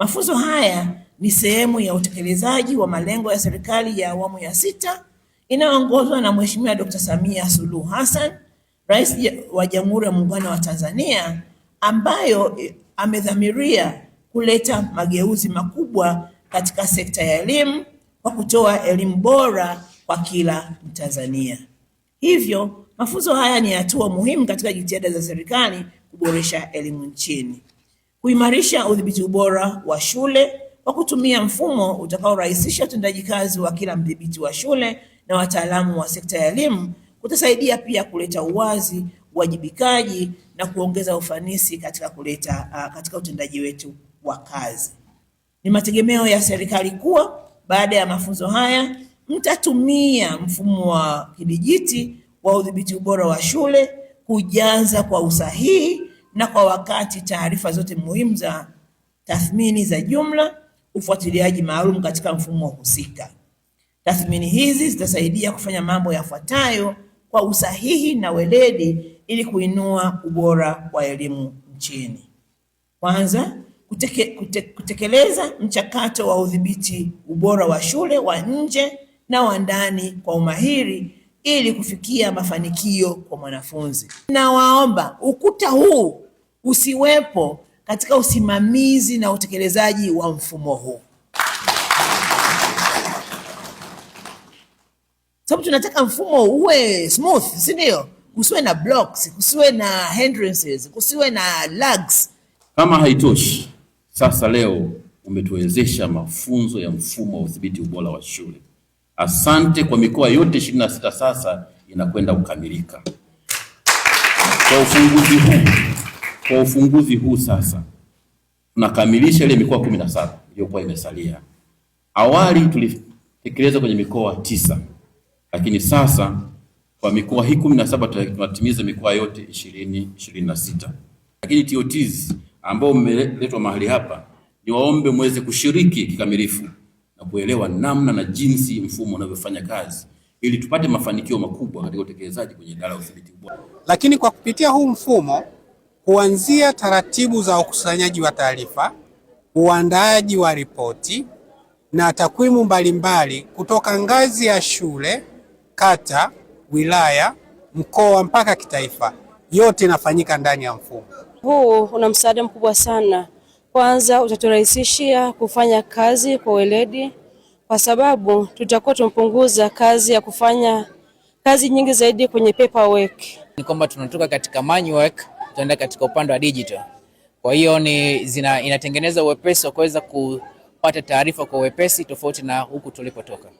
Mafunzo haya ni sehemu ya utekelezaji wa malengo ya serikali ya awamu ya sita inayoongozwa na Mheshimiwa Dkt. Samia Suluhu Hassan, Rais wa Jamhuri ya Muungano wa Tanzania, ambayo e, amedhamiria kuleta mageuzi makubwa katika sekta ya elimu kwa kutoa elimu bora kwa kila Mtanzania. Hivyo, mafunzo haya ni hatua muhimu katika jitihada za serikali kuboresha elimu nchini kuimarisha udhibiti ubora wa shule kwa kutumia mfumo utakaorahisisha utendaji kazi wa kila mdhibiti wa shule na wataalamu wa sekta ya elimu kutasaidia pia kuleta uwazi, uwajibikaji na kuongeza ufanisi katika kuleta uh, katika utendaji wetu wa kazi. Ni mategemeo ya serikali kuwa baada ya mafunzo haya mtatumia mfumo wa kidijiti wa udhibiti ubora wa shule kujaza kwa usahihi na kwa wakati taarifa zote muhimu za tathmini za jumla, ufuatiliaji maalum katika mfumo husika. Tathmini hizi zitasaidia kufanya mambo yafuatayo kwa usahihi na weledi ili kuinua ubora wa elimu nchini. Kwanza, kuteke, kute, kutekeleza mchakato wa udhibiti ubora wa shule wa nje na wa ndani kwa umahiri ili kufikia mafanikio kwa mwanafunzi. Nawaomba ukuta huu usiwepo katika usimamizi na utekelezaji wa mfumo huu, sababu tunataka mfumo uwe smooth, si ndio? Kusiwe na blocks, kusiwe na hindrances, kusiwe na lags. Kama haitoshi, sasa leo umetuwezesha mafunzo ya mfumo wa udhibiti ubora wa shule. Asante kwa mikoa yote 26 sasa inakwenda kukamilika. Kwa ufunguzi huu, kwa ufunguzi huu sasa tunakamilisha ile mikoa 17 iliyokuwa imesalia. Awali tulitekeleza kwenye mikoa tisa, lakini sasa kwa mikoa hii 17 tunatimiza mikoa yote 20 26. Lakini TOTs ambao mmeletwa mahali hapa, niwaombe muweze kushiriki kikamilifu na kuelewa namna na jinsi mfumo unavyofanya kazi ili tupate mafanikio makubwa katika utekelezaji kwenye idara ya udhibiti ubora. Lakini kwa kupitia huu mfumo, kuanzia taratibu za ukusanyaji wa taarifa, uandaaji wa ripoti na takwimu mbalimbali kutoka ngazi ya shule, kata, wilaya, mkoa mpaka kitaifa, yote inafanyika ndani ya mfumo huu. Una msaada mkubwa sana kwanza utaturahisishia kufanya kazi kwa weledi, kwa sababu tutakuwa tumepunguza kazi ya kufanya kazi nyingi zaidi kwenye paperwork. Ni kwamba tunatoka katika manual tunaenda katika upande wa digital, kwa hiyo ni zina, inatengeneza uwepesi wa kuweza kupata taarifa kwa uwepesi tofauti na huku tulipotoka.